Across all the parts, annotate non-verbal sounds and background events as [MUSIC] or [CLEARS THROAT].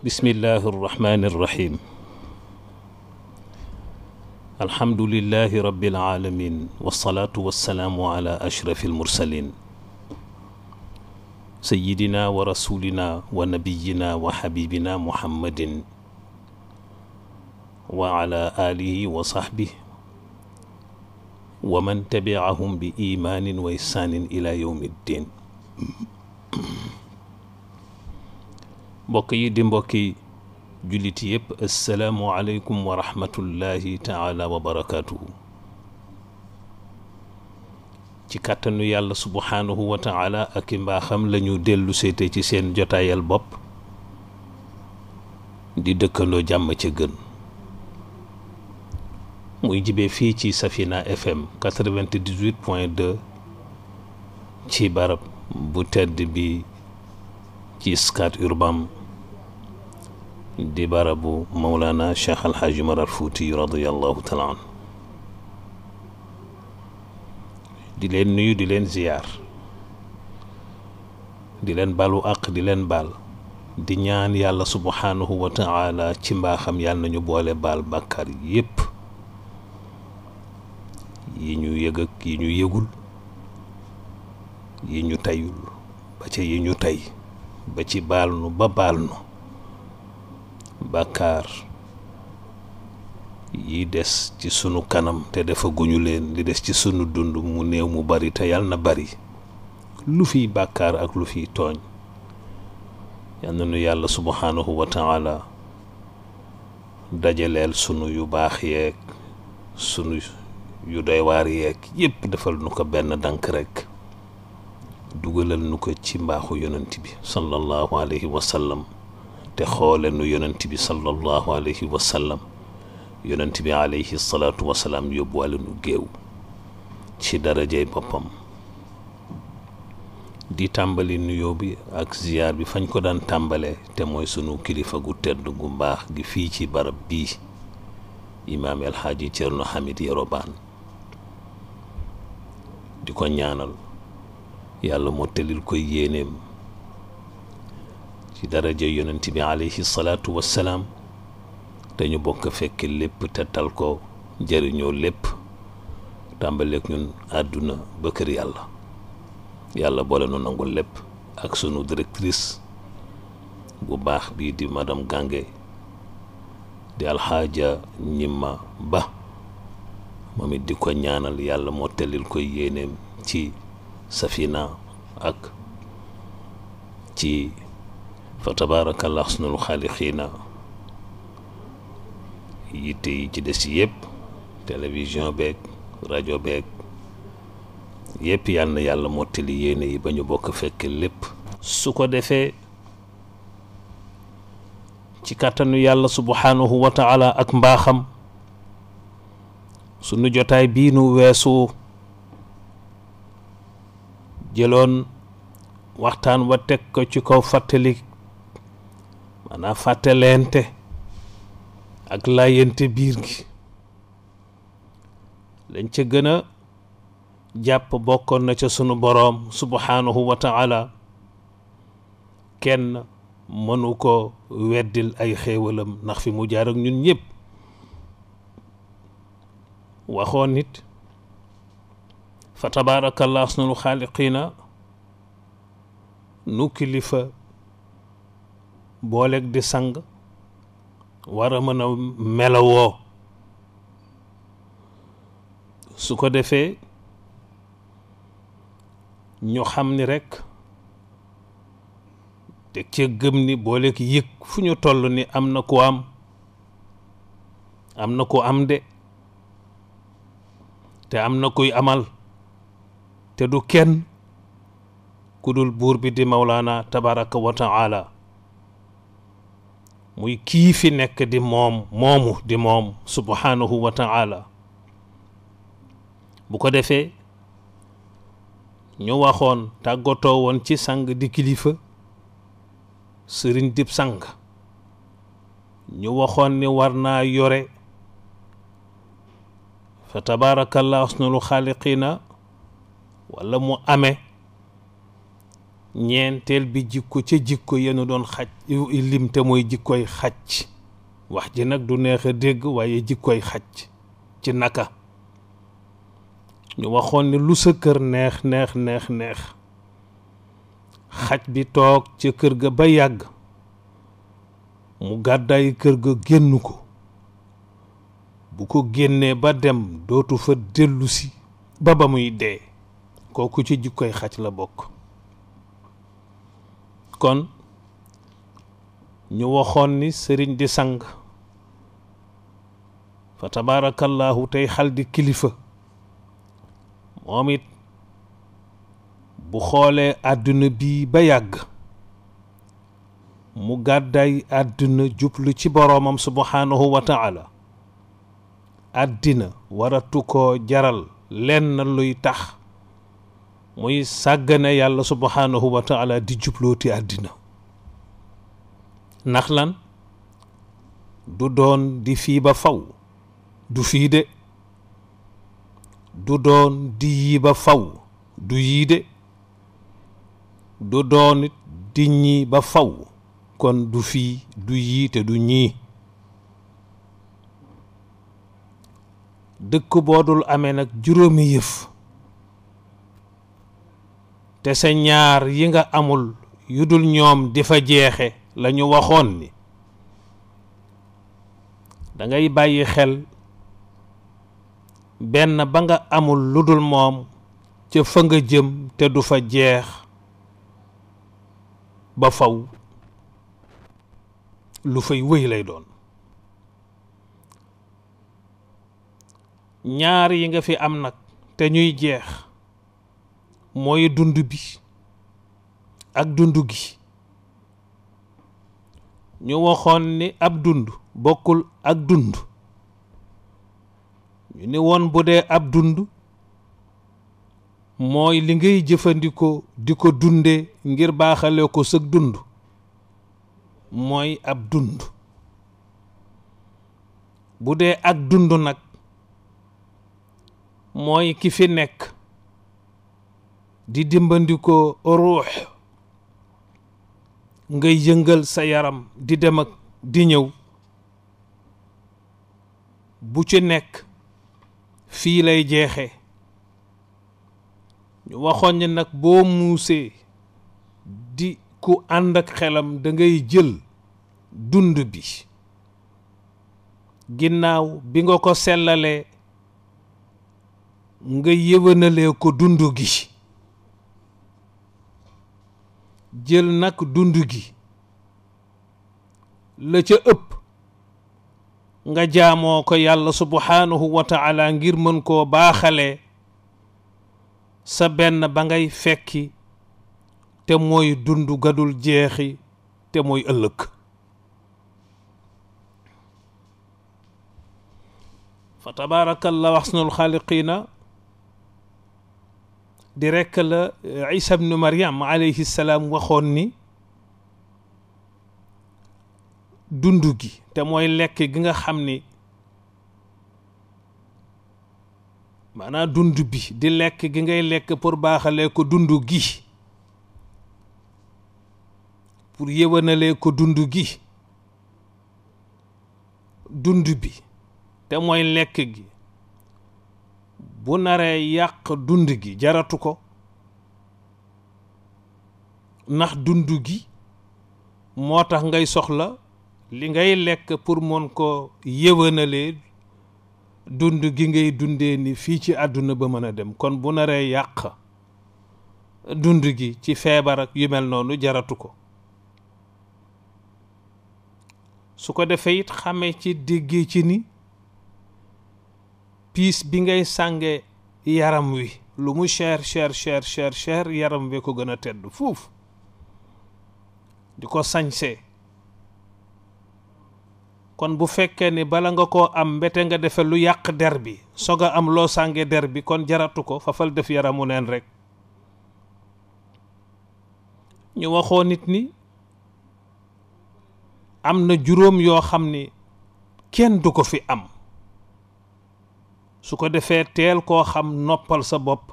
bismillahi irrahmani irrahim alhamdulilahi rabbil alamin wasalaatu wassalaamu ala ashrafi almursalin sayidina wa rasulina wa nabiyina wa xabibina muhammadin wa ala alihi wa sahbih wa man tabiahum bi imaanin wa ihsaanin ila yawmi ddin mbokk yi di mbokki jullit yëpp assalaamu aleykum wa rahmatullahi taala ci kàttanu yàlla subhaanahu wa taala ak i mbaaxam la dellu seete ci seen jotaayal bopp di dëkkandoo jàmm ca gën muy jibee fii ci Safina FM 98 point ci barab bu tedd bi ci Scat Urbam di barabu Mawlana Cheikh Al Hadj Umar Fuuti radiyallahu taala anhu di leen nuyu di leen ziyaar di leen baalu àq di leen baal di ñaan yàlla subhaanahu wa ci mbaaxam yàlla nañu boole baal bàkkaar yépp yi ñu yëg ak yi ñu yëgul yi ñu tayul tay ba ci baal nu ba baal nu bàkkaar yi des ci sunu kanam te defaguñu leen li des ci sunu dund mu néew mu bari te yàlla na bari lu fiy bàkkaar ak lu fiy tooñ yal na nu yàlla subhaanahu wa taala dajaleel sunu yu baax yeeg sunu yu doy waar yeeg yépp defal nu ko benn dank rekk dugalal nu ko ci mbaaxu yonant bi sallallahu alayhi wa te xoole nu yonent bi sallallahu alayhi wa sallam yonent bi alayhi salaatu wa nu géew ci darajey boppam di tàmbali nuyoo bi ak ziyaar bi fañ ko daan tàmbalee te mooy sunu kilifa gu tedd gu mbaax gi fii ci barab bii imaam El Hadji Thierno Hamid Yoroban di ko ñaanal yàlla moo tëlil koy yéeneem. ci daraja yonent bi alayhi salaatu wassalaam dañu bokk fekk lépp te tal ko jëriñoo lépp tàmbaleeg ñun àdduna ba kër yàlla yàlla boole nu lépp ak sunu directrice bu baax bii di madame gànge di alxaaja ñimma ba moom it di ko ñaanal yàlla moo tellil koy yéeneem ci safina ak ci fa tabaarakallah sunul xaalixiina yitte yi ci des yëpp télévision beeg rajo beeg yëpp yal na yàlla mottali yéene yi ba ñu bokk fekk lépp. su ko defee ci kàttanu yàlla subhaanahu wa ak mbaaxam sunu jotaay bii nu weesu jëloon waxtaan wa teg ko ci kaw fàttali. maanaam fàttalente ak laayante biir gi lañ ca gën a jàpp bokkoon na ca sunu boroom subhaanahu wa kenn mënu ko weddil ay xéewalam ndax fi mu jaar ak ñun ñëpp waxoon nit fa tabaarakallah asnul xaaliqiina nu kilifa booleek di sang war a mën a melawoo su ko defee ñu xam ni rekk te cee ni booleeg yëg fu ñu toll ni am na ko am am na ko am de te am na kuy amal te du kenn ku dul buur bi di Mawlaana tabaraka wa taala muy kii fi nekk di moom moomu di moom subhanahu wa bu ko defee ñu waxoon tàggatoo woon ci sang di kilifa sëriñ dib sang ñu waxoon ni war naa yore fa tabaarakallah asnul xaaliqina wala mu ame ñeenteel bi jikko ca jikko yenu doon xaj limte mooy jikkoy xaj wax ji nag du neex a dégg waaye jikkoy xaj ci naka ñu waxoon ni lu sa kër neex neex neex neex xaj bi toog ca kër ga ba yàgg mu gàddaay kër ga génn ko bu ko génnee ba dem dootu fa dellusi ba ba muy dee kooku ci jikkoy xaj la bokk kon ñu waxoon ni sëriñ di sang fa tabaarakallaahu tey xal di kilifa moom it bu xoolee àdduna bi ba yàgg mu gàddaay àdduna jublu ci boroomam subhaanahu wa taala àddina waratu ko jaral lenn luy tax muy sàggane yàlla subhanahu wa taala di jublooti àddina ndax lan du doon di fii ba faw du fii de du doon di yii ba faw du yii de du doon di ñii ba faw kon du fii du yii te du ñii dëkk boo boodul amee nag juróomi yëf te sa ñaar yi nga amul yu dul ñoom di fa jeexe lañu waxoon ni da ngay bàyyi xel benn ba nga amul lu dul moom ca fa nga jëm te du fa jeex ba faw lu fay wëy lay doon ñaar yi nga fi am nag te ñuy jeex mooy dund bi ak dund gi ñu waxoon ni ab dund bokkul ak dund ñu ni woon bu dee ab dund mooy li ngay jëfandikoo di ko dunde ngir baaxale ko sëg dund mooy ab dund bu dee ak dund nag mooy ki fi nekk di dimbandikoo ruux ngay yëngal sa yaram di dem ak di ñëw bu ci nekk fii lay jeexe ñu waxoon ne nag boo muusee di ku ànd ak xelam dangay jël dund bi ginnaaw bi nga ko sellalee nga yëwanalee ko dund gi jël nag dund gi la ca ëpp nga jaamoo ko yàlla subhaanahu wa taala ngir mën koo baaxale sa benn ba ngay fekki te mooy dund gadul jeexi te mooy ëllëg fa tabaaraka allah axsanul xaaliqiina di rekk la eh, isa bnu mariam alayhi salaam waxoon ni dund gi te mooy lekk gi nga xam ni maanaam dund bi di lekk gi ngay lekk pour baaxalee ko dund gi pour yëwanalee ko dund gi dund bi te mooy lekk gi bu naree yàq dund gi jaratu ko ndax dund gi moo tax ngay soxla li ngay lekk pour mën ko yëwanalee dund gi ngay dundee ni fii ci àdduna ba mën a dem kon bu naree yàq dund gi ci feebar ak yu mel noonu jaratu ko su ko defee it xamee ci déggee ci ni piis bi ngay sànge yaram wi lu mu cher cher cher cher cher yaram wi ko gën a tedd fuuf di ko sañse kon bu fekkee ni bala nga koo am mbete nga defe lu yàq der bi soog a am loo sànge der bi kon jaratu ko fafal def yaramu neen rek ñu waxoo nit ni am na juróom yoo xam ni kenn du ko fi am su ko defee teel koo xam noppal sa bopp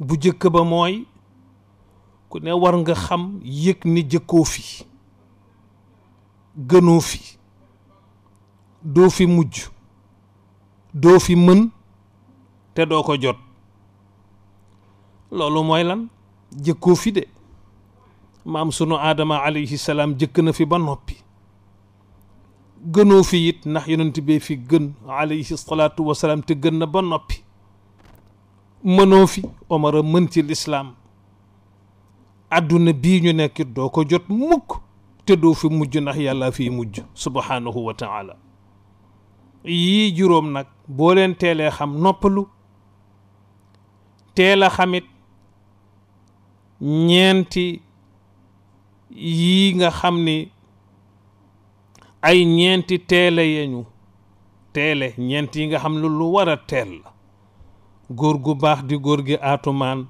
bu jëkk ba mooy ku ne war nga xam yëg ni jëkkoo fi gënoo fi doo fi mujj doo fi mën te doo ko jot loolu mooy lan jëkkoo fi de maam sunu aadama alayhi salaam jëkk na fi ba noppi gënoo fi it ndax yonent bee fi gën alayhi salaatu wasalaam te gën na ba noppi mënoo fi omar a mën ci lislaam àdduna bii ñu nekkit doo ko jot mukk te doo fi mujj ndax yàlla fiy mujj subhaanahu wa yii juróom nag boo leen teelee xam noppalu teel a xamit ñeenti yii nga xam ni ay ñeenti teele yeñu teele ñeent yi nga xam ne lu war a teel la góor gu baax di góor gi aatumaan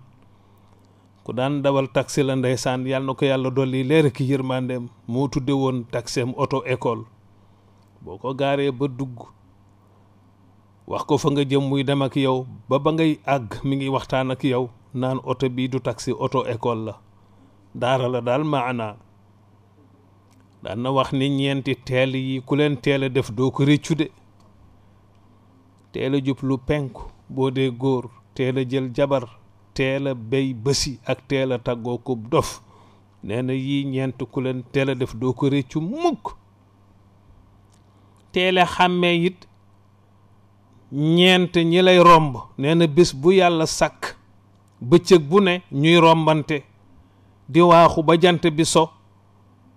ku daan dawal taxi la ndeysaan yàlla na ko yàlla dolli leer ki yërmandeem moo tudde woon takseem oto école boo ko gaaree ba dugg wax ko fa nga jëm muy dem ak yow ba ba ngay àgg mi ngi waxtaan ak yow naan oto bii du taxi auto école la daara la daal maanaa daan na wax ni ñeenti teel yi ku leen teel a def doo ko rëccu de teel a jub lu penku boo dee góor teel a jël jabar teel a béy bësi ak teel a tàggoo dof nee na ñeent ku leen teel a def doo ko rëccu mukk teel a xàmmee it ñeent ñi lay romb nee na bés bu yàlla sàkk bëccëg bu ne ñuy rombante di waaxu ba jant bi so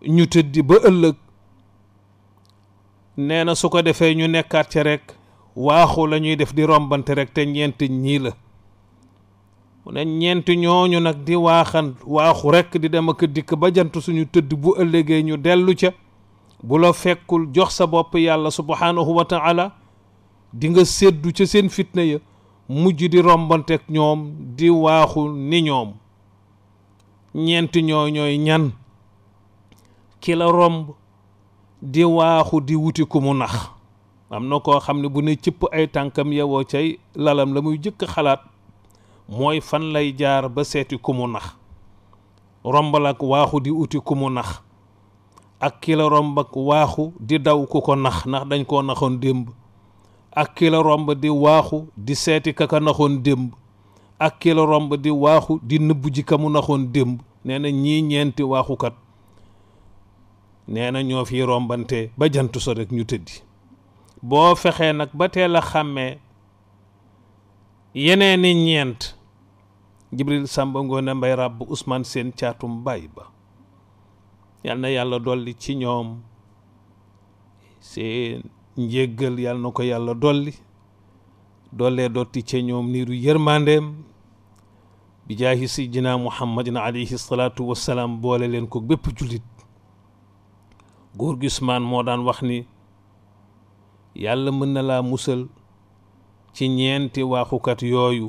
ñu tëdd ba ëllëg nee na su ko defee ñu nekkaat ca rek waaxu la ñuy def di rombante rek te ñeent ñii la mu ne ñeent ñooñu nag di waaxan waaxu rek di dem ak dikk ba jant suñu tëdd bu ëllëgee ñu dellu ca bu la fekkul jox sa bopp yàlla subhaanahu wa taala di séddu ca seen fitna ya mujj di rombanteeg ñoom di waaxu ni ñoom ñeent ñoo ñooy ñan ki romb di waaxu di wuti ku mu nax am na koo xam ne bu ne cëpp ay tànkam yewoo cay lalam la muy jëkk xalaat mooy fan lay jaar ba seeti ku mu nax rombal ak waaxu di wuti ku mu nax ak ki romb di daw ku ko nax ndax dañ koo naxoon démb ak ki la romb di waaxu di seeti ka naxoon démb ak ki romb di waaxu di nëbb ji mu naxoon démb nee na ñii ñeenti waaxukat nee na ñoo fi rombante ba jant so rek ñu tëdd boo fexee nag ba teel a xàmmee yeneeni ñeent Jibril Samba a Mbay ràbb usmaan Seen caatum baay ba yal na yàlla dolli ci ñoom seen njéggal na ko yàlla dolli dollee dotti ci ñoom niiru yërmandeem bi jaahi si jinaa Muhammadin alayhi salaatu wassalaam boole leen ko bépp jullit góor gi Usmaan moo daan wax ni yàlla mën na laa musal ci ñeenti waaxukat yooyu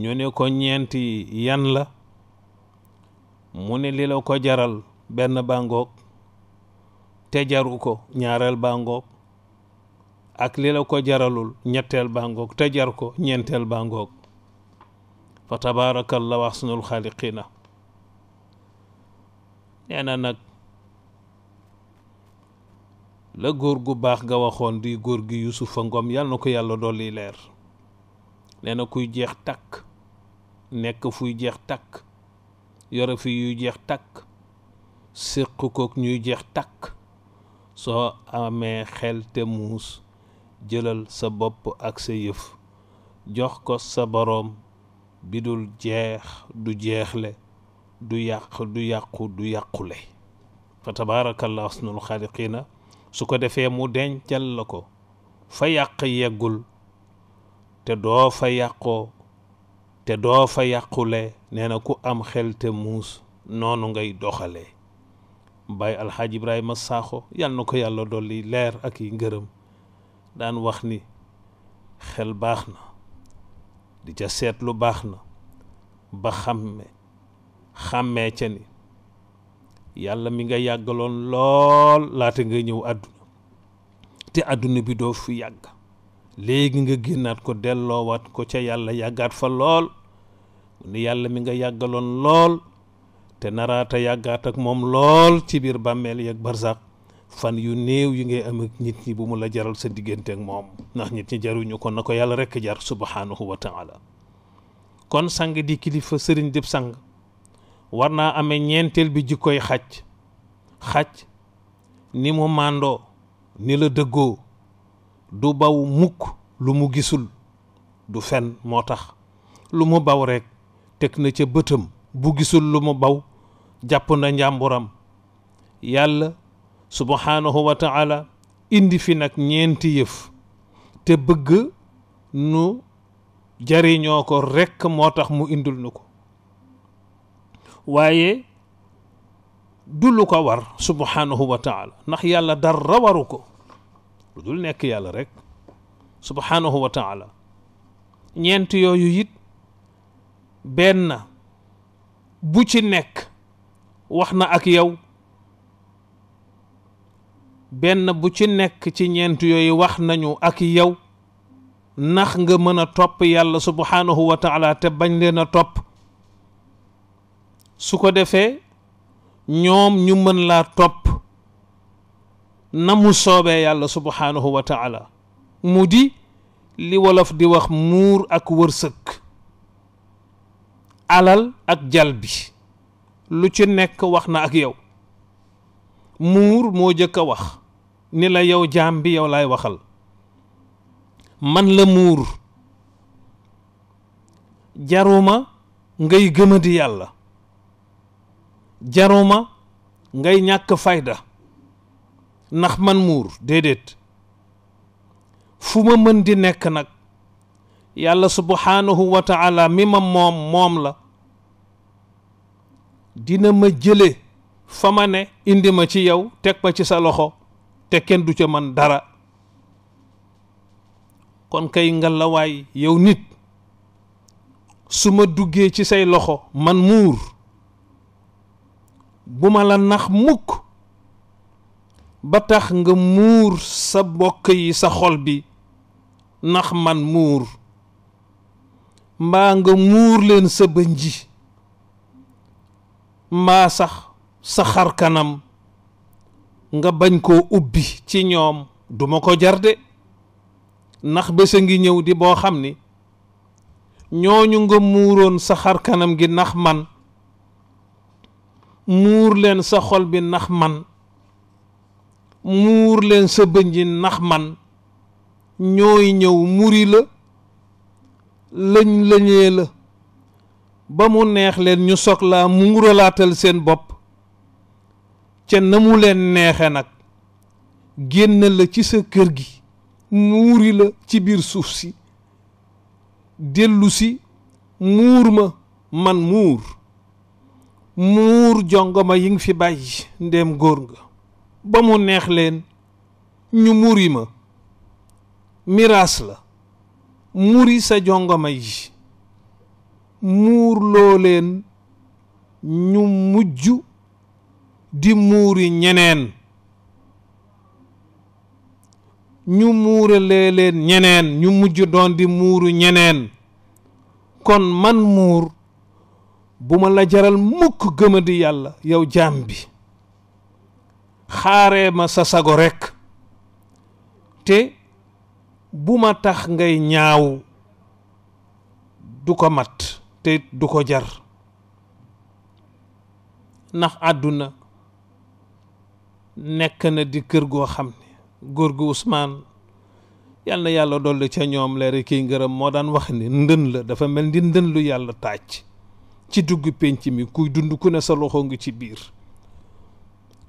ñu ne ko ñeenti yan la mu ne li la ko jaral benn bàngook te jaru ko ñaareel bàngook ak li la ko jaralul ñetteel bàngook te jar ko ñeenteel bàngook fa tabaarakallahu ahsanul xaaliqiina nee nag la góor gu baax nga waxoon di góor gi Yusufa ngoom yàlla na ko yàlla dolli leer nee na kuy jeex tàkk nekk fuy jeex tàkk yore fi yuy jeex tàkk séq ko ñuy jeex tàkk soo amee xel te muus jëlal sa bopp ak sa yëf jox ko sa boroom bi dul jeex du jeexle du yàq du yàqu du yàqule fa tabaarakallah asnul xaaliqiina su ko defee mu dencal la ko fa yàq yeggul te doo fa yàqoo te doo fa yàqule nee na ku am xel te muus noonu ngay doxalee Baay Alxaaji Ibrahima Saaxo yal na ko yàlla dolli leer ak yi ngërëm daan wax ni xel baax na di ca seet lu baax na ba xàmme xàmmee ca ni yàlla mi nga yàggaloon lool laata nga ñëw àdduna te àdduna bi doo fi yàgg léegi nga génnaat ko delloowaat ko ca yàlla yàggaat fa lool mu yàlla mi nga yàggaloon lool te naraata yàggaat ak moom lool ci biir bàmmeel yeeg barzak fan yu néew yi ngay am ak nit ñi bu mu la jaral sa diggante ak moom ndax nit ñi jaruñu ko na ko yàlla rekk jar subhanahu wa taala kon sang di kilifa sëriñ dib sang war naa amee ñeenteel bi jikkoy xaj xaj ni mu màndoo ni la dëggoo du baw mukk lu mu gisul du fen moo tax lu mu baw rekk teg na ca bëtam bu gisul lu mu baw jàpp na njàmburam yàlla subhaanahu wa taala indi fi nag ñeenti yëf te bëgg nu jariñoo ko rekk moo tax mu indul nu ko waaye du lu ko war subhanahu wa ndax yàlla dara waru ko lu dul nekk yàlla rekk subhanahu wa ñeent yooyu it benn bu ci nekk wax na ak yow benn bu ci nekk ci ñeent yooyu wax nañu ak yow ndax nga mën a topp yàlla subhanahu wa taala te bañ leen a topp su ko defee ñoom ñu mën laa topp na mu soobee yàlla subhaanahu wa mu di li wolof di wax muur ak wërsëg alal ak jal bi lu ci nekk wax na ak yow muur moo jëkk a wax ni la yow jaam bi yow laay waxal man la muur jaruma ngay gëma di yàlla jaruma ngay ñàkk fayda ndax man muur déedéet fu ma mën di nekk nag yàlla subhanahu wa taala mi ma moom moom la dina ma jële fa ma ne indi ma ci yow teg ma ci sa loxo te kenn du ca man dara kon kay ngalawaay yow nit su ma duggee ci say loxo man muur bu ma la nax mukk ba tax nga muur sa bokk yi sa xol bi nax man muur mbaa nga muur leen sa bëñ ji mbaa sax sa xar kanam nga bañ koo ubbi ci ñoom duma ko jarde nax bésa ngi ñëw di boo xam ni ñooñu nga muuroon sa xar kanam gi nax man muur leen sa xol bi ndax man muur leen sa bëñ ji ndax man ñooy ñëw muri la lañ la ba mu neex leen ñu soog laa muuralaatal seen bopp ca na mu leen neexe nag génn la ci sa kër gi muuri la ci biir suuf si dellu muur ma man muur muur jongoma yi nga fi bàyyi ndéem góor nga ba mu neex leen ñu muri ma miraas la muri sa jongoma yi muur loo leen ñu mujj di muuri ñeneen ñu muuralee leen ñeneen ñu mujj doon di muuru ñeneen kon man muur bu ma la jaral mukk di yàlla yow jaam bi xaaree ma sa sago rekk te bu ma tax ngay ñaaw du ko mat te du ko jar ndax àdduna nekk na di kër goo xam ne góor gu Ousmane yàlla na yàlla dolli ca ñoom leeri kiy ngërëm moo daan wax ni ndën la dafa mel ni ndën lu yàlla tàcc ci dugg pénc mi kuy dund ku ne sa loxo ngi ci biir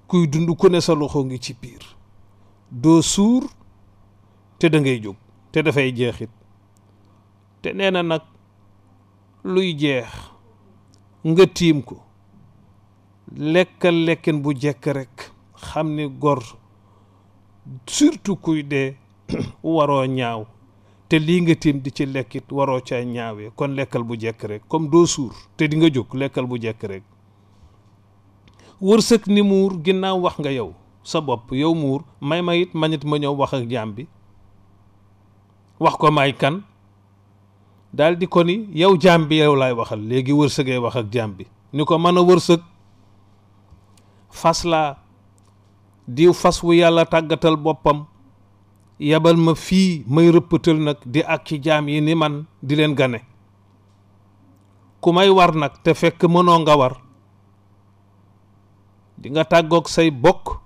kuy dund ku ne sa loxo ngi ci biir doo suur te da ngay jóg te dafay jeexit te nee na nag luy jeex nga tiim ko lekkal lekkin bu jekk rekk xam ni gor surtout kuy dee [CLEARS THROAT] waroo ñaaw te lii nga tiim di ci lekkit waroo ca ñaawee kon lekkal bu jekk rek comme doo suur te di nga jóg lekkal bu jekk rek wërsëg ni muur ginnaaw wax nga yow sa bopp yow muur may ma it manit ma ñëw wax ak jaam bi wax ko may kan daal ko ni yow jaam bi yow laay waxal léegi wërsëgee wax ak jaam bi ni ko mën a wërsëg fas laa diw fas wu yàlla tàggatal boppam yabal ma fii may rëppatal nag di ak ci jaam yi ni man di leen gane ku may war nag te fekk mënoo nga war di nga tàggoog say bokk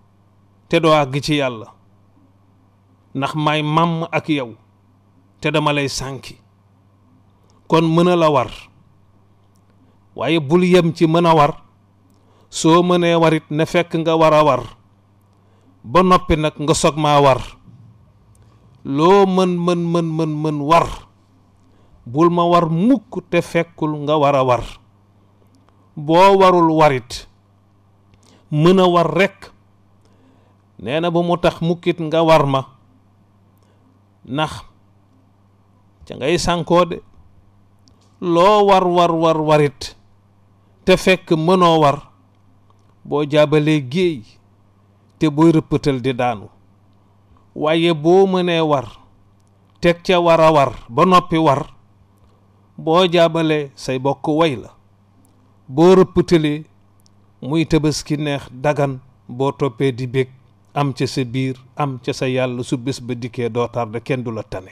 te doo àgg ci yàlla ndax may màmm ak yow te dama lay sànki kon mënala war waaye bul yem ci mën a war soo mënee warit na fekk nga war a war ba noppi nag nga soog maa war loo mën mën mën mën mën war bul ma war mukk te fekkul nga war war boo warul warit mën a war rekk nee na bu mu tax mukkit nga war ma ndax ca ngay sànkoo de loo war war war warit te fekk mënoo war boo jaabalee géey te booy rëppatal di daanu waaye boo mënee war teg ca war a ba noppi war boo jaabalee say bokk way la boo rëpptalee muy tabaski neex dagan boo toppee di bég am ca sa biir am ca sa yàlla su bés ba dikkee doo tarde kenn du la tane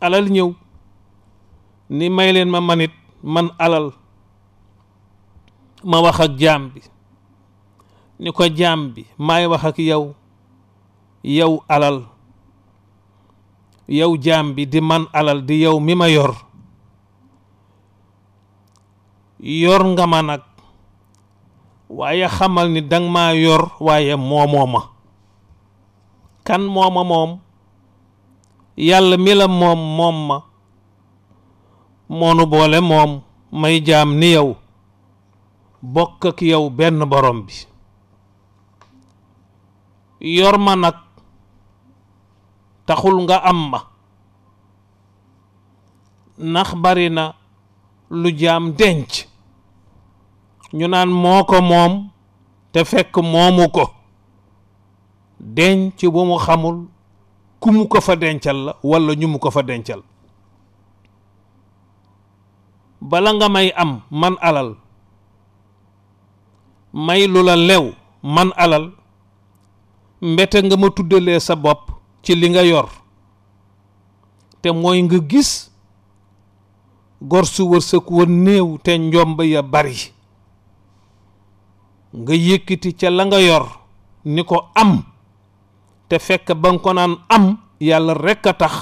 alal ñëw ni may leen ma manit man alal ma wax ak jaam bi ni ko jaam bi maay wax ak yow yow alal yow jaam bi di man alal di yow mi ma yor yor nga ma nag waaye xamal ni danga maa yor waaye moomoo ma kan mooma moom yàlla mi la moom moom ma moonu boole moom may jaam ni yow bokk ak yow benn borom bi yor ma nag taxul nga am ma ndax bari na lu jaam denc ñu naan moo ko moom te fekk moomu ko denc bu mu xamul ku mu ko fa dencal la walla ñu mu ko fa dencal bala nga may am man alal may lu la lew man alal mbete nga ma tuddalee sa bopp ci li nga yor te mooy nga gis gor su wërsëg wa néew te njomba ya bari nga yëkkati ca la nga yor ni ko am te fekk ba nga ko naan am yàlla rekk a tax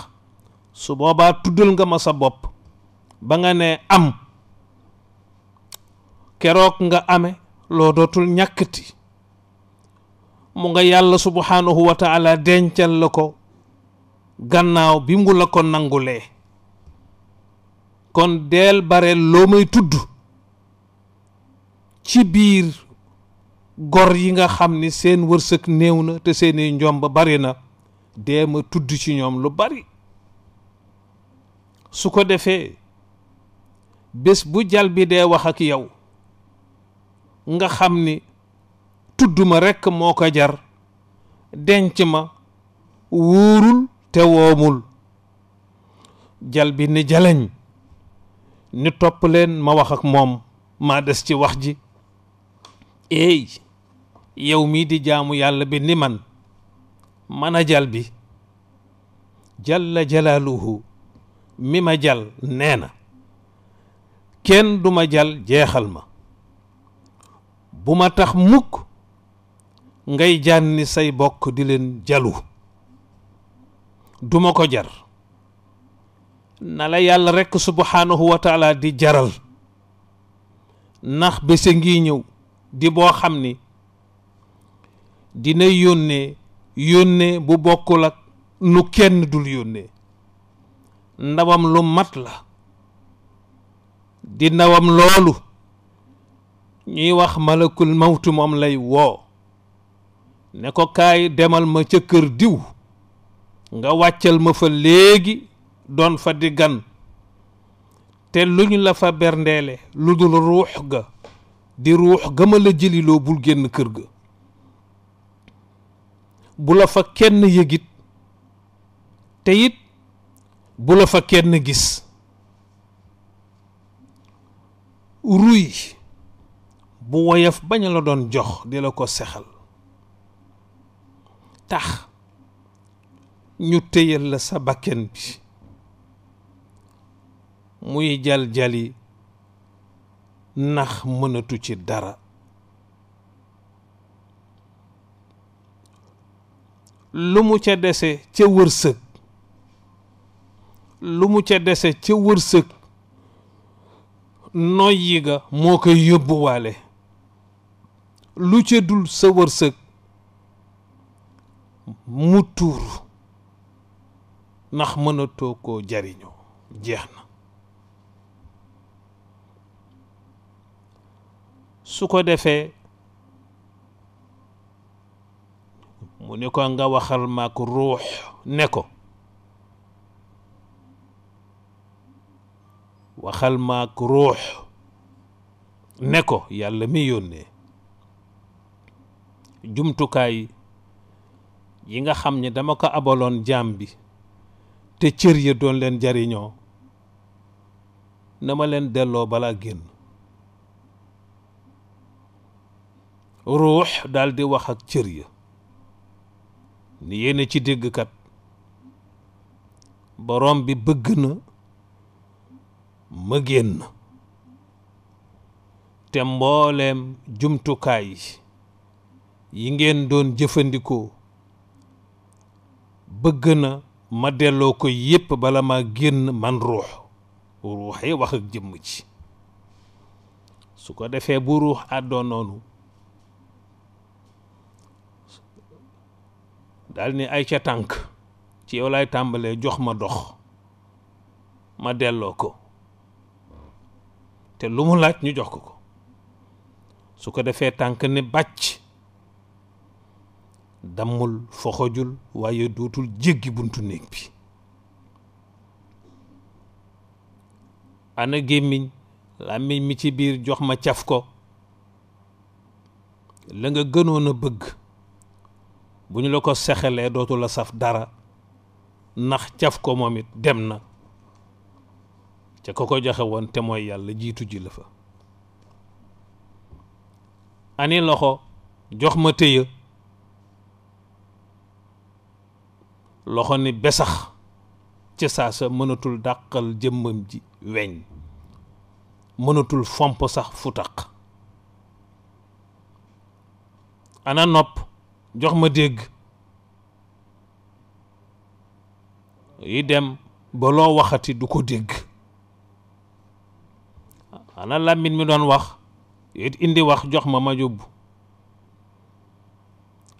su boobaa tuddal nga ma sa bopp ba nga nee am keroog nga ame loo dootul ñàkkati mu nga yàlla subhaanahu wa taala dencal la ko gannaaw bi mu la ko nangulee kon deel bare loo may tudd ci biir gor yi nga xam ni seen wërsëg néew na te seeni njomb bari na dee ma tudd ci ñoom lu bari su ko defee bés bu jal bi dee wax ak yow nga xam ni tudd ma rekk moo ko jar denc ma wóorul te woomul jal bi ni jaleñ ni topp leen ma wax ak moom maa des ci wax ji eey yow mii di jaamu yàlla bi ni man mana a jal bi jalla jalaaluhu mi ma jal nee na kenn duma ma jal jeexal ma bu ma tax mukk ngay jànni say bokk di leen jalu duma ko jar na la yàlla rekk subhaanahu wa taala di jaral ndax bésa ngi ñëw di boo xam ni dina yónnee yónnee bu bokkul ak nu kenn dul yónnee ndawam lu mat la di ndawam loolu ñuy wax malakul mawtu moom lay woo ne ko kaay demal ma ca kër diw nga wàccal ma fa léegi doon fa di gan te lu ñu la fa berndeele lu dul ruux ga di ruux ga ma la jëliloo bul génn kër ga bu la fa kenn yëgit te it bu la fa kenn gis ruy bu woyof bañ la doon jox di la ko sexal tax ñu téyel la sa bakken bi muy jali ndax mënatu ci dara lu mu ca dese ca wërsëg lu mu ca dese ca wërsëg noyyi ga moo koy yóbbuwaale lu ca dul sa wërsëg mu tuuru ndax mënatoo koo jariñoo jeex na su ko defee mu ne ko nga waxal maak ruux ne ko waxal maak ruux ne ko yàlla mi yónnee jumtukaay yi nga xam ni dama ko abaloon jaam bi te cër ya doon leen jariñoo na ma leen delloo balaa génn ruux daldi wax ak cër ya ni yéen ci déggkat boroom bi bëgg na ma génn te mbooleem jumtukaay yi ngeen doon jëfandikoo bëgg na ma delloo ko yépp bala ma génn man ruux ruuxee wax ak jëmm ci su ko defee bu ruux àddoon noonu daal ni ay ca tànk ci yow lay tàmbalee jox ma dox ma delloo ko te lu mu laaj ñu jox ko ko su ko defee tànk ne bàcc dammul foxojul waaye dootul jéggi buntu néeg bi ana gémmiñ làmmiñ mi ci biir jox ma caf ko la nga gënoon a bëgg bu ñu la ko sexelee dootul a saf dara ndax caf ko moom it dem na ca ko ko joxe woon te mooy yàlla jiitu ji la fa ani loxo jox ma téye loxo ni besax ca saa sa mënatul dàqal jëmmam ji weñ mënatul fomp sax futaq ana nopp jox ma dégg yi dem ba loo waxati du ko dégg ana làmmiñ mi doon wax it indi wax jox ma ma yóbbu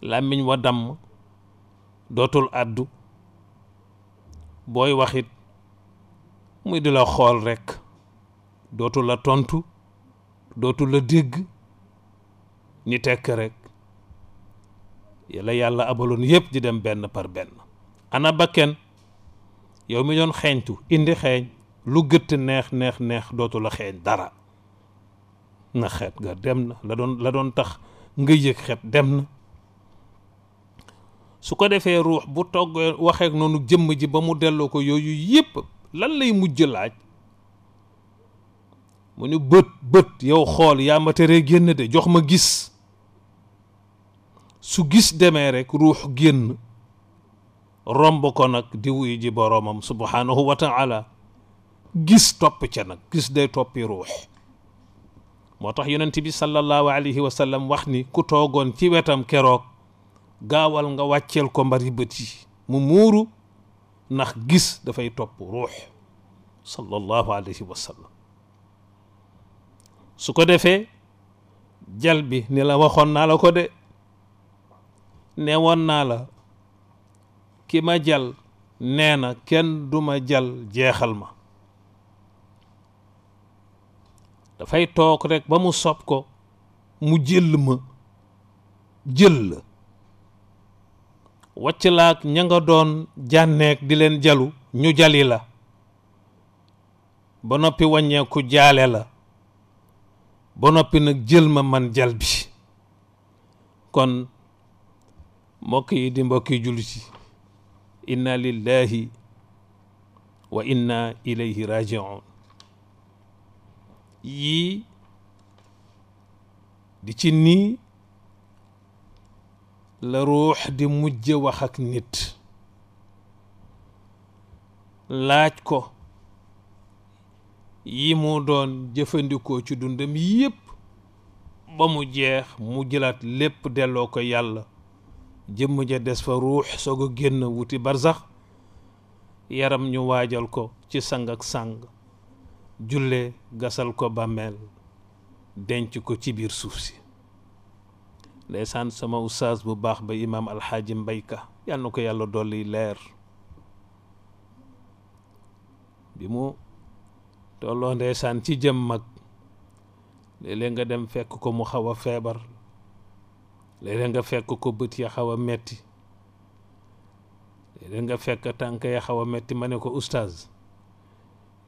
làmmiñ wa damm dootul àddu booy waxit muy di la xool rekk dootul a tontu dootul a dégg ñu tekk rekk yàlla yàlla abaloon yépp di dem benn par benn ana bakken yow mi doon xeeñtu indi xeeñ lu gëtt neex neex neex dootul a xeeñ dara na xet ga dem na la doon tax nga yëg xet dem na su ko defee ruux bu togg waxee noonu jëmm ji ba mu delloo ko yooyu yépp lan lay mujj laaj mu ñu bët bët yow xool yaa ma teree génn de jox ma gis su gis demee rek ruux génn romb ko nag di wuy ji boroomam subhaanahu wa taala gis topp ca nag gis day toppi ruux moo tax yonent bi sallallahu alayhi wa wax ni ku toogoon ci wetam keroog gaawal nga wàcceel ko mbari bët yi mu muuru ndax gis dafay topp ruux sallallahu alayhi wa su ko defee jal bi ni la waxoon naa la ko de ne woon naa la ki ma jal nee na kenn du ma jal jeexal ma dafay toog rekk ba mu sob ko mu jël ma jël la wàcc ña nga doon jànneek di leen jalu ñu jali la ba noppi waññeeku jaale la ba noppi nag jël ma man jal bi kon mbokk di mbokki jullit yi inna lillahi wa inna ilayhi rajiun yii di ci nii la ruux di mujj wax ak nit laaj ko yi mu doon jëfandikoo ci dundam yépp ba mu jeex mu jëlaat lépp delloo ko yàlla jëmm ja des fa ruux soog a génn wuti barsax yaram ñu waajal ko ci sang ak sang julle gasal ko bàmmeel denc ko ci biir suuf si ndeysaan sama oustaz bu baax ba imaam alxaaji mbayka yal na ko yàlla dolli leer bi mu tolloo ndeysaan ci jëm mag léeg nga dem fekk ko mu xaw a feebar léeg nga fekk ko bët ya xaw a metti léeg nga fekk tànk ya xaw a metti ma ne ko oustaz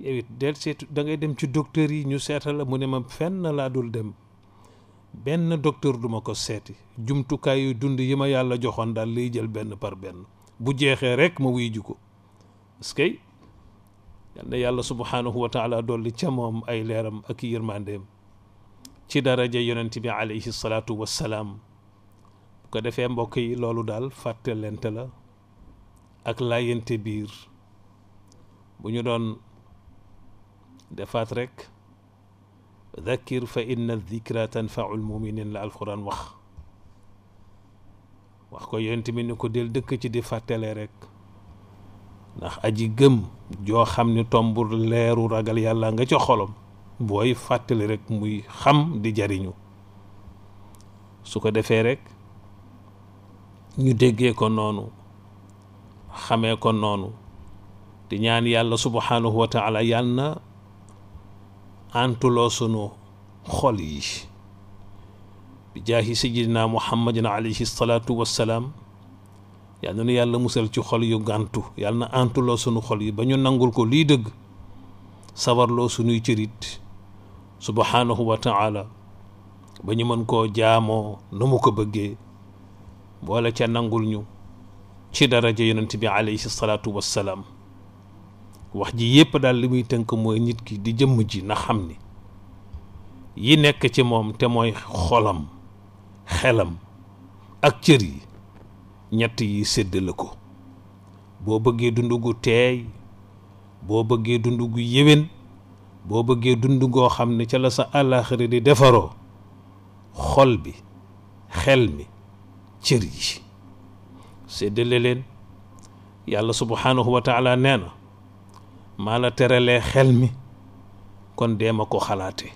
yow it del seetu da dem ci docteur yi ñu seetal la mu ne ma fenn laa dul dem benn docteur duma ko seeti jumtukaay yu dund yi ma yàlla joxoon daal liy jël benn par benn bu jeexee rek ma wuy ji ko parce que yal na yàlla subhanahu wa taala dolli ca moom ay leeram ak yërmandeem ci daraja yonent bi alayhi salaatu wassalaam bu ko defee mbokk yi loolu daal fàtte fàttalente la ak laayante biir bu ñu doon defaat rekk dhakkir fa inna dikra tanfaul muminin la wax wax ko yonent ni ko del dëkk ci di fàttale rek ndax aji gëm joo xam ni tomb leeru ragal yàlla nga ca xolom booy fàttali rek muy xam di jariñu su ko defee rek ñu déggee ko noonu xamee ko noonu di ñaan yàlla subhanahu wa taala yàlla antuloo sunu xol yi bi jaahi sayyidina muhammadin alayhi salaatu wassalaam yal na nu yàlla musal ci xol yu gantu yal na antuloo sunu xol yi ba ñu nangul ko lii dëgg sawarloo sunuy cërit subhaanahu wa taala ba ñu mën koo jaamoo nu ko bëggee boole ca nangul ñu ci daraja yonent bi alayhi salaatu wassalaam wax ji yépp daal li muy tënk mooy nit ki di jëmm ji na xam ni yi nekk ci moom te mooy xolam xelam ak cër yi ñett yi séddale ko boo bëggee dund gu teey boo bëggee dund gu yéwén boo bëggee dund goo xam ne ca la sa àllaaxira di defaroo xol bi xel mi cër yi séddale leen yàlla subhaanahu wa taala nee na maa la teralee xel mi kon dee ma ko xalaate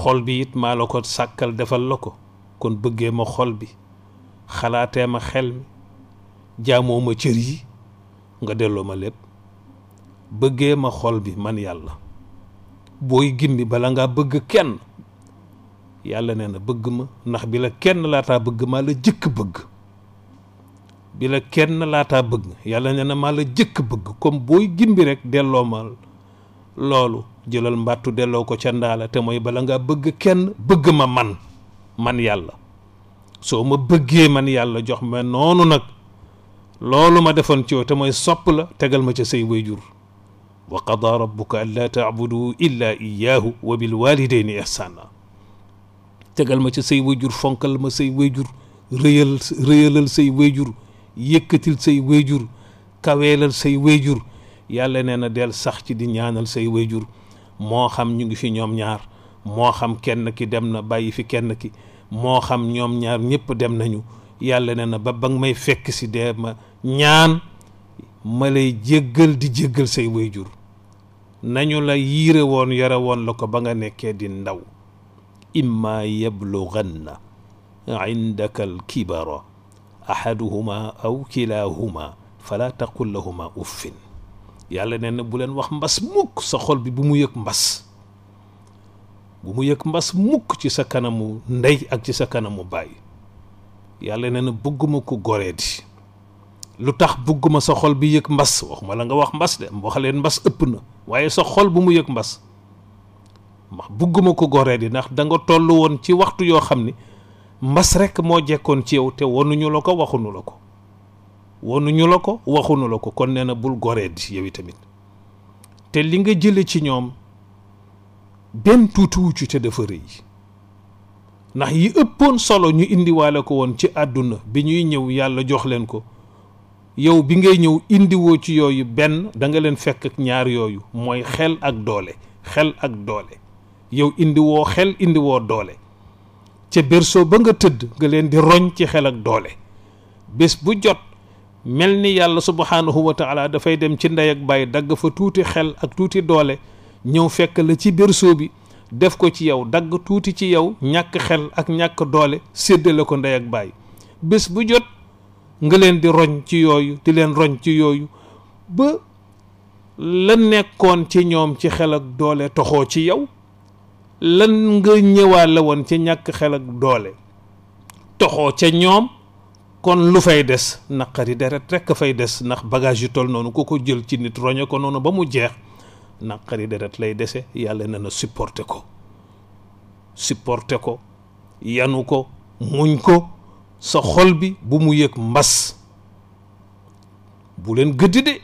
xol bi it maa la ko sàkkal defal la ko kon bëggee ma xol bi xalaatee ma xel mi jaamoo ma cër yi nga delloo ma lépp bëggee ma xol bi man yàlla booy gindi bala ngaa bëgg kenn yàlla nee na bëgg ma ndax bi la kenn laataa bëgg maa la jëkk bëgg bi kenn laataa bëgg yàlla nee na maa la jëkk bëgg comme booy gimbi rek delloo ma loolu jëlal mbàttu delloo ko ca ndaala te mooy bala ngaa bëgg kenn bëgg ma man man yàlla soo ma bëggee man yàlla jox ma noonu nag loolu ma defoon ci yow te mooy sopp la tegal ma ca say wayjur wa qada rabbuka an laa taabudu illa iyaahu wa bil walidayni ihsana tegal ma ca say wayjur fonkal ma say wayjur rëyal rëyalal say wayjur yëkkatil say wéyjur kaweelal say wéyjur yàlla nee na del sax ci di ñaanal say wéyjur moo xam ñu ngi fi ñoom ñaar moo xam kenn ki dem na bàyyi fi kenn ki moo xam ñoom ñaar ñëpp dem nañu yàlla nee na ba ba nga may fekk si dee ma ñaan ma lay jéggal di jéggal say wéyjur nañu la yiire woon yore woon la ko ba nga nekkee di ndaw imma yablughanna indaka al kibara ahaduhuma aw kilahuma la taqul lahuma uffin yàlla nee na bu leen wax mbas mukk sa xol bi bu mu yëg mbas bu mu yëg mbas mukk ci sa kanamu ndey ak ci sa kanamu baay yàlla nee na bëgguma ko goree lu tax bëgguma sa xol bi yëg mbas waxuma la nga wax mbas de wax mbas ëpp na waaye sa xol bu mu yëg mbas ndax bëgguma ko goree di ndax danga nga toll woon ci waxtu yoo xam ni mbas rekk moo jekkoon ci yow te wonuñu la ko waxunu la ko wonuñu la ko waxunu la ko kon nee na bul goreed yow tamit te li nga jële ci ñoom benn tuutiwu ci te dafa rëy ndax yi ëppoon solo ñu indiwaale ko woon ci àdduna bi ñuy ñëw yàlla jox leen ko yow bi ngay ñëw indiwoo ci yooyu benn danga leen fekk ak ñaar yooyu mooy xel ak doole xel ak doole yow indiwoo xel indiwoo doole ca berceau ba nga tëdd nga leen di roñ ci xel ak doole bés bu jot mel ni yàlla subhaanahu wa taala dafay dem ci ndey ak bàyyi dagg fa tuuti xel ak tuuti doole ñëw fekk la ci berceau bi def ko ci yow dagg tuuti ci yow ñàkk xel ak ñàkk doole séddale ko ndey ak bàyyi bés bu jot nga leen di roñ ci yooyu di leen roñ ci yooyu ba la nekkoon ci ñoom ci xel ak doole toxoo ci yow lan nga ñëwaale woon ci ñàkk xel ak doole toxoo ca ñoom kon lu fay des naqari deret rekk a fay des ndax bagage yu toll noonu ku ko jël ci nit roñe ko noonu ba mu jeex naqari deret lay dese yàlla na na supporter ko supporter ko yanu ko muñ ko sa xol bi bu mu yëg mbas bu leen gëdd de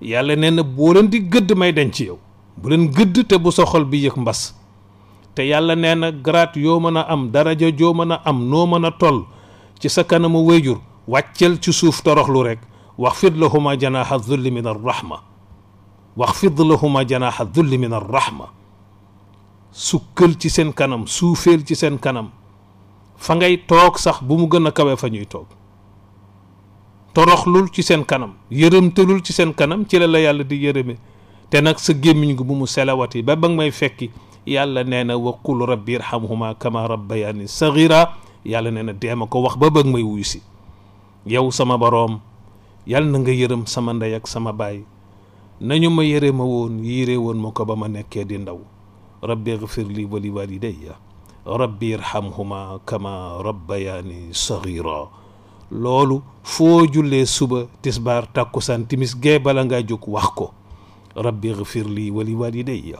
yàlla nee na boo leen di gëdd may ci yow bu leen gëdd te bu soxol bi yëg mbas te yàlla nee na garaat yoo mën a am daraja joo mën a am noo mën a toll ci sa kanamu wéyjur wàccel ci suuf toroxlu rekk wax fid lahuma janaha dulli min arrahma wax fid lahuma janaha dulli min arrahma sukkal ci seen kanam suufeel ci seen kanam fa ngay toog sax bu mu gën a kawe fa ñuy toog toroxlul ci seen kanam yërëmtalul ci seen kanam ci la la yàlla di yërëme te nag sa gémmiñ gu bu mu selawati ba ba may fekki yàlla nee na waqul rabbi irhamhuma kama rabbayani sagira yàlla nee na deema ko wax ba ba may wuyu si yow sama boroom yàlla na nga yërëm sama ndey ak sama baay nañu ma yëre ma woon yiree woon ma ko ba ma nekkee di ndaw rabbi gfir li wa li walidayya rabbi irhamhuma kama rabbayaani sagira loolu foo jullee suba tisbaar tàkkusaan timis gee bala ngaa jóg wax ko rabbi gfir li wa li walidayya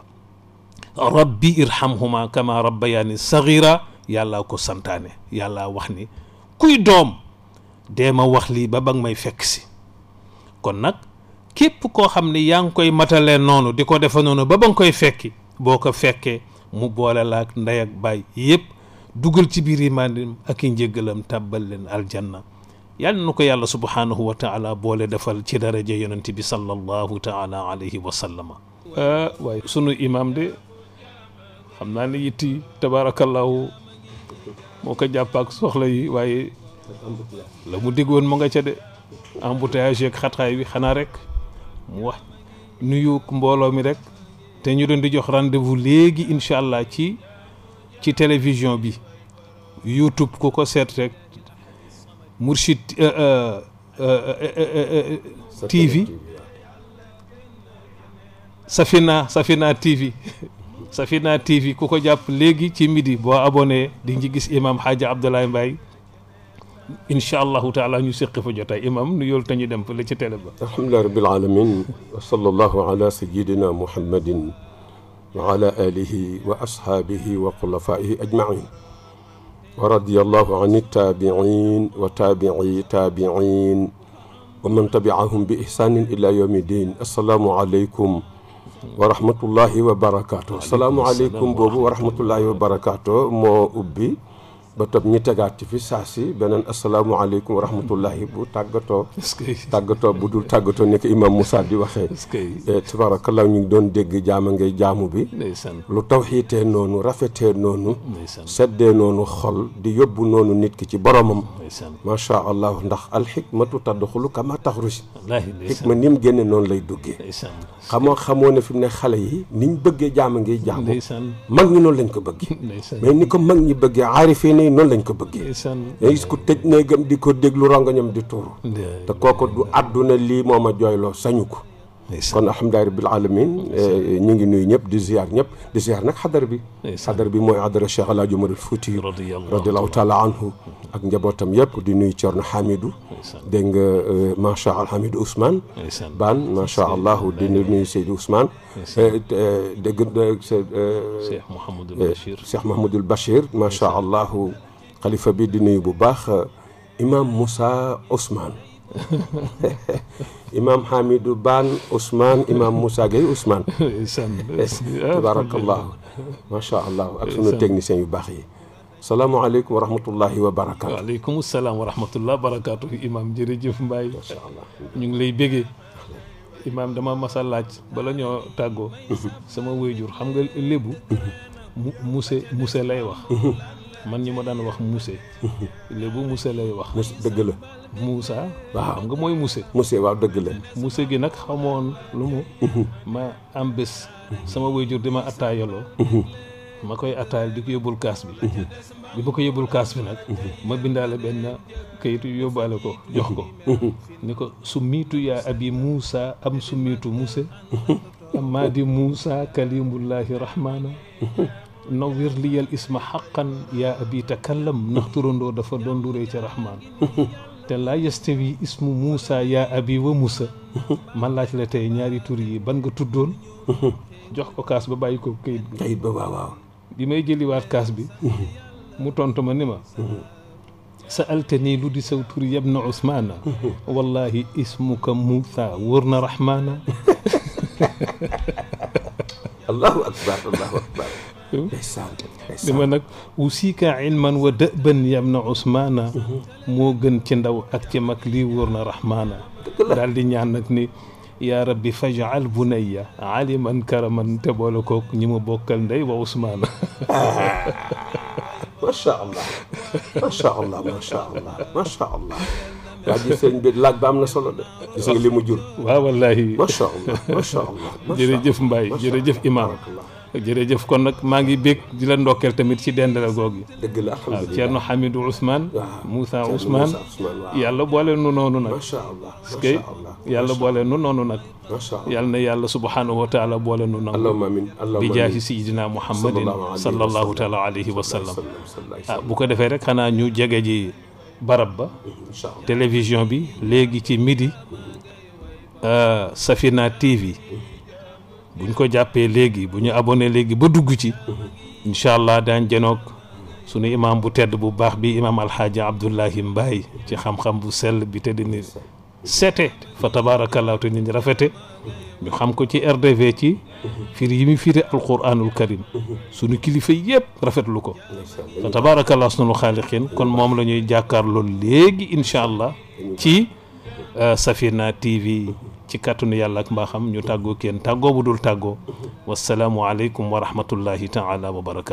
rabbi irhamhuma kama rabbayaani sagira yàlla ko santaane yàlla wax ni kuy doom dee ma wax lii ba ba nga may fekk si kon nag képp koo xam ne yaa ngi koy matalee noonu di ko defa noonu ba ba nga koy fekki boo ko fekkee mu boole la ak ndey ak baay yëpp dugal ci biir yi mandim ak i njëgalam tàbbal leen aljanna yàlla na ko yàlla subhaanahu wa taala boole defal ci daraja yonent bi sallallahu taala alayhi wa sallama waaye sunu imaam de xam naa ne yitti tabaarakallaahu moo ko jàpp ak soxla yi waaye la mu diggoon mu nga ca de embouteillage yeeg xataay bi xanaa rek mu wax nuyu mbooloo mi rek te ñu doon di jox rendez-vous léegi incha allah ci ci télévision bi YouTube ku ko seet rek Mourchid euh, euh, euh, TV Safina Safina TV [LAUGHS] Safina TV ku ko jàpp léegi ci midi boo abonné di ngi gis imam Hadja Abdoulaye Mbaye incha allahu taala ñu séqi fa jotaay imam nu yoolu tañu dem fa la ci télé ba alhamdulilah rabbil alamin wa sallallahu ala sayidina muhammadin wa ala alihi wa ashaabihi wa xulafaihi ajmain wa radiyallahu an ittaabiin wa taabii taabiin wa man tabiahum bi ihsaanin ila yawmi din assalaamu aleykum wa rahmatullahi wa barakaatu assalaamu aleykum boobu wa rahmatullahi wa barakaatu moo ubbi ba toog ñi tegaat ci fi saa si beneen asalaamaaleykum wa rahmatullahi bu tàggatoo tàggatoo bu dul tàggatoo nekk imam Moussa di waxee eh, tabarakallah ñu ngi doon dégg a ngay jaamu bi lu tawxiitee noonu rafetee noonu seddee noonu xol di yóbbu noonu nit ki ci boromam macha allah ndax al alxikmatu tadxulu kama taxruj xikma ni mu génne noonu lay duggee xamoo xamoo ne fi mu ne xale yi niñ bëggee jaama ngay jaamu mag ñi noonu lañ ko bëggee mais ni ko mag yi noonu lañ ko bëggee nga gis ku tëj néegam di ko déglu rongañam di tuuru te kooku du àdduna lii moom ma jooyloo sañu ko kon alhamdulilah rabbil alamin eh, ñu ngi nuyu ñëpp di ziar ñëpp di ziar nag xadar bi xadar bi mooy adara Cheikh El Hadj Omar al Fouti radiallahu taala anhu ak njabootam yëpp di nuyu Thierno Hamidou dégg nga eh, macha allah Hamidou Ousmane baan macha allah di nuyu Seydou Ousmane eh, dégg nga Cheikh Mouhamadul Bachir Cheikh Mouhamadul Bachir macha allah xalifa bi di nuyu bu baax imam Moussa Ousmane [LAUGHS] imaam Hamidou Bane Ousmane imaam Moussa Gueye Ousmane. [LAUGHS] tabarakallahu macha allah ak sunu techniciens yu baax yi. salaamaaleykum wa rahmatullahi wa barakaatu. waaleykum salaam wa rahmatullahi wa barakaatu imaam jërëjëf Mbaye. macha ñu ngi lay bégee. imaam dama masa laaj bala ñoo tàggoo. [LAUGHS] sama waajur xam nga lébu. mu muse muse lay wax. man ñi ma daan wax muse. lébu muse lay wax. dëgg la. Moussa. waaw nga mooy Mousse. Mousse waaw dëgg la. Mousse gi nag xamoon lu mu. Mhm. ma am bés. Mhm. sama waajur di ma attaayaloo. Mhm. ma koy attaayal di yóbbul kaas bi. bi ma ko yóbbul kaas bi nag. ma bindaale benn kayitu yóbbaale ko jox ko. ni ko summiitu yaa abi Moussa am summiitu Mousse. maa di Moussa kalimullahi rahmaana. nawir liyal isma xaqan yaa abi takallam ndax turandoo dafa doon lu rëy ca rahmaan te laa yastawi ismu Moussa yaa abi wa Moussa [LAUGHS] man laaj la tey ñaari turi yi ban nga tuddoon [LAUGHS] jox ko kaas ba bàyyi ko kayit bi bi may jëliwaat kaas bi [LAUGHS] mu tontu ma ni ma sa alte nii lu di saw tur yab na Ousmane wallahi ismuka Moussa wóor na rahmaana allahu akbar allahu li ma nag usika ilman wa dëban yam na usmaana mhm. moo gën ci ndaw ak ci mag lii wóor na rahmaana di ñaan nag ni yaa rabbi fajal bunayya aliman karaman te boole kook ñi mu bokkal ndey wa usmaana [LAUGHS] macha allah macha allah macha allah allah waa ji sëñ bi laaj allah macha allah jërëjëf Mbaye jërëjëf kon nag maa ngi bég di la ndokkeel tamit ci dendale googu. dëgg la alhamdulilah waaw Thierno Hamidou Ousmane. waaw Moussa Ousmane. yàlla boole nu noonu nag. macha allah parce yàlla boole nu noonu nag. macha allah yàlla na yàlla subhanahu wa taala boole nu noonu. allahumma amiin bi jaahi sayyidina Muhammadin sallallahu taala alayhi wa sallam. ah bu ko defee rek xanaa ñu jege ji barab ba. Mm-hmm, télévision bi léegi ci midi. Mm-hmm. Euh, Safina TV. Mm-hmm. buñ ko jàppee léegi bu ñu abonné léegi ba dugg ci incha allah daan jenoog sunu imaam bu tedd bu baax bi imaam alxaaji abdullahi mbaay ci xam-xam bu sell bi tedd ni seete fa tabaarakallaahu te ñu rafete ñu xam ko ci rdv ci firi yi mu firi alquranul karim sunu kilifa yëpp rafetlu ko fa tabaarakallaahu sunu xaaliqin kon moom la ñuy jàkkaarloo léegi incha allah ci euh, safina tv ci kàttanu yàlla ak mbaaxam ñu tàggoo kenn tàggoo bu dul tàggoo wasalaamualeykum wa rahmatullahi taala wa barakaatu.